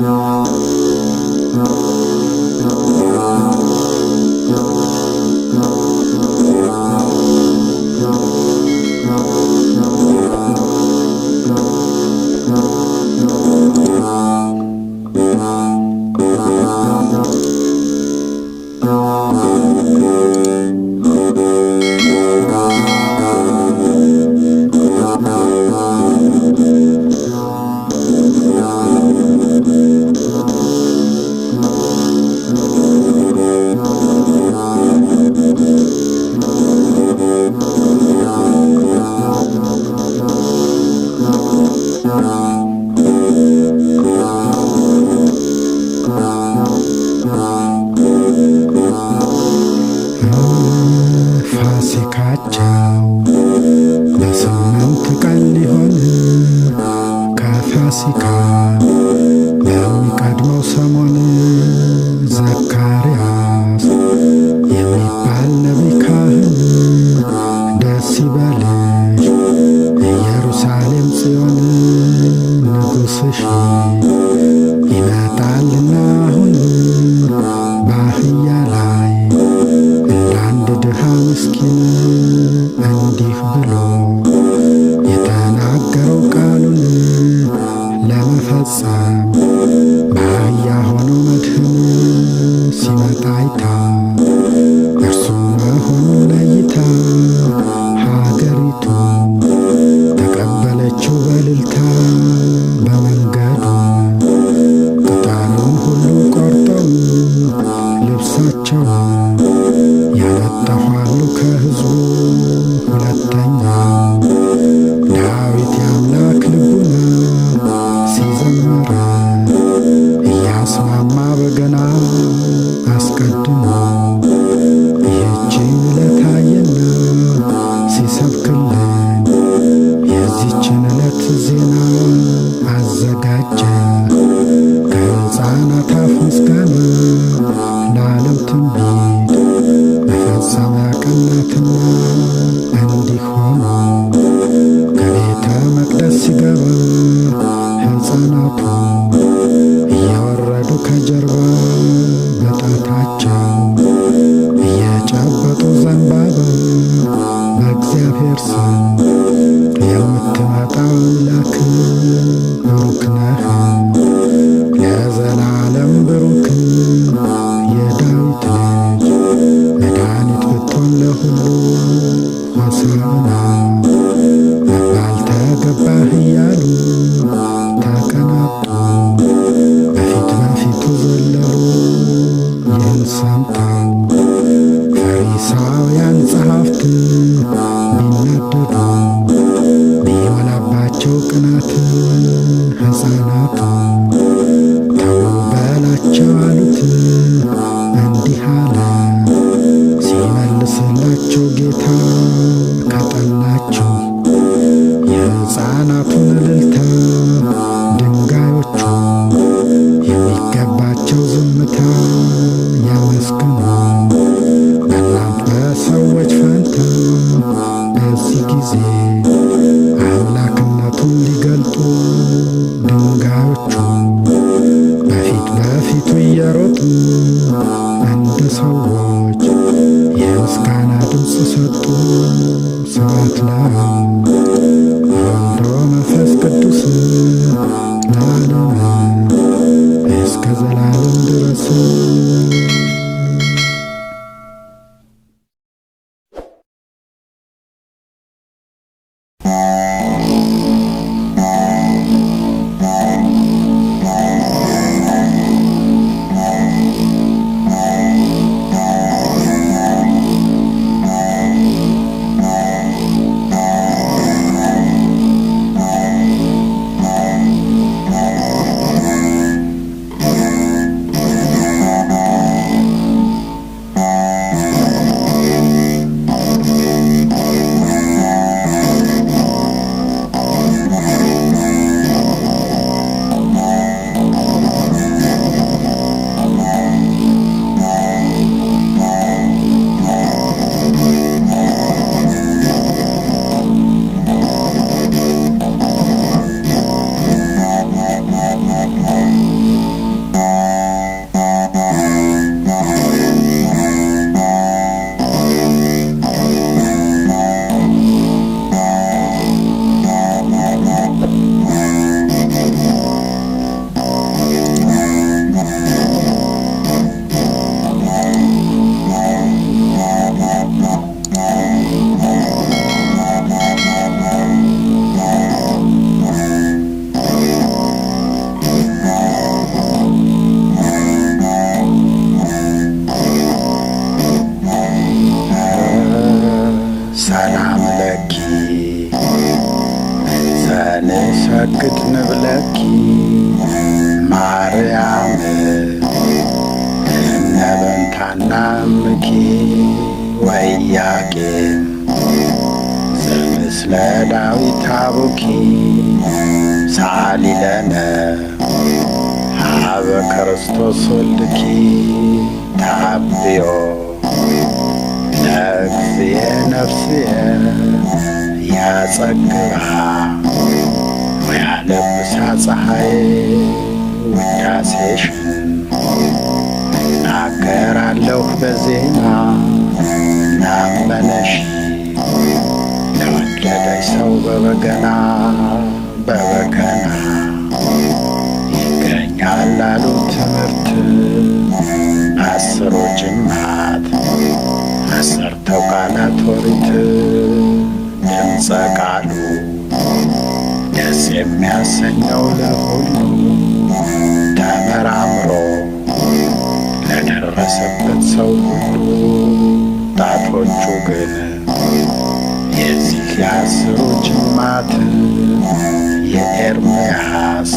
No, no. ፋሲካ ለሚቀድመው ሰሞን John. አናምኪ ወያቄ ምስለ ዳዊት አቡኪ ሳሊለነ ሀበ ክርስቶስ ወልድኪ ታብዮ ለእግዚእ ነፍስየ ያጸግሃ ወያለብሳ ፀሐዬ ውዳሴሽን እምራለሁ በዜማ ናመነሽ ለወደደች ሰው በበገና የደረሰበት ሰው ሁሉ ጣቶቹ ግን የዚህ የአስሩ ጅማት የኤርምያስ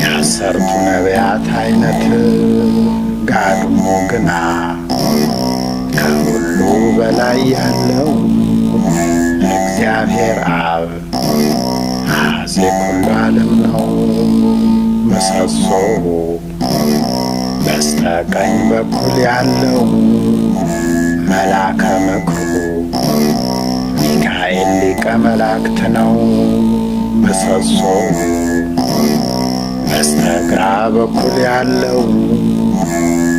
የአሰርቱ ነቢያት አይነት ጋድሞ ግና ከሁሉ በላይ ያለው እግዚአብሔር አብ አዜ ኩሉ ዓለም ነው መሰሶ በስተቀኝ በኩል ያለው መልአከ ምክሩ ሚካኤል ሊቀ መላእክት ነው። ምሰሶ በስተግራ በኩል ያለው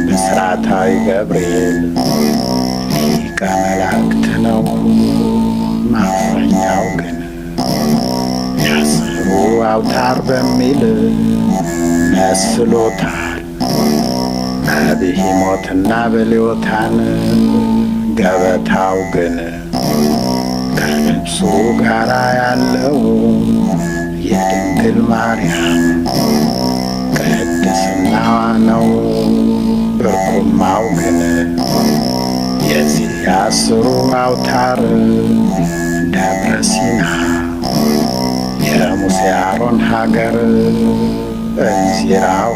ብስራታዊ ገብርኤል ሊቀ መላእክት ነው። ማፈኛው ግን ያስሩ አውታር በሚል መስሎታል። በቢሂሞትና በሊዮታን ገበታው ግን ከልብሱ ጋር ያለው የድንግል ማርያም ቅድስናዋ ነው። ብርኩማው ግን የዚህ አስሩ አውታር ደብረ ሲና የሙሴ አሮን ሀገር እንዚራው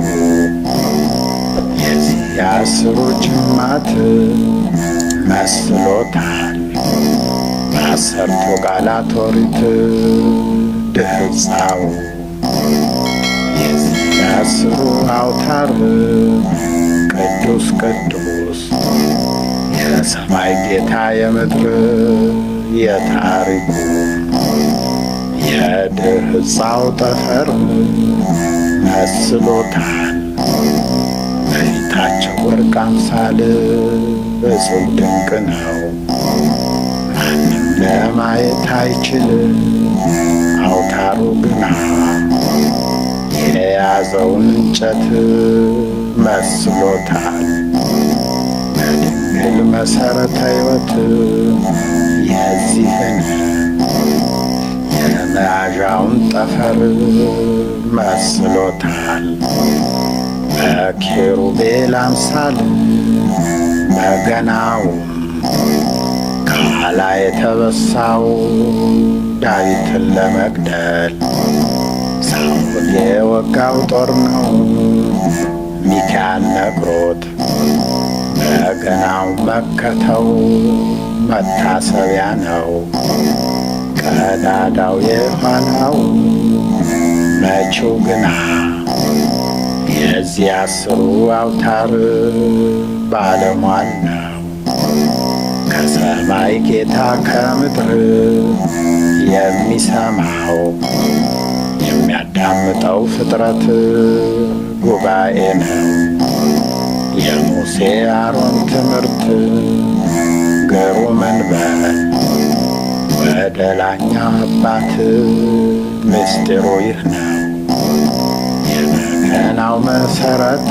የአስሩ ጅማት መስሎታል አሰርቶ ቃላት ኦሪት ድህፃው የአስሩ አውታር ቅዱስ ቅዱስ የሰማይ ጌታ የምድር የታሪኩ የድህፃው ጠፈር መስሎታል ናቸው። ወርቅ አምሳል በሰው ድንቅ ነው፣ ማንም ለማየት አይችልም። አውታሩ ግና የያዘውን እንጨት መስሎታል። በድንግል መሠረተ ሕይወት የዚህን የመያዣውን ጠፈር መስሎታል። በኪሩቤል አምሳል በገናው ከኋላ የተበሳው ዳዊትን ለመግደል ሳሙል የወጋው ጦር ነው። ሚካኤል ነግሮት በገናው መከተው መታሰቢያ ነው። ቀዳዳው የኋላው መቼው ግና የዚያ አስሩ አውታር ባለሟል ነው ከሰማይ ጌታ ከምድር የሚሰማው የሚያዳምጠው ፍጥረት ጉባኤ ነው። የሙሴ አሮን ትምህርት ገሩ መንበር ወደ ላኛ አባት ምስጢሩ ይህ ነው። የጤናው መሰረት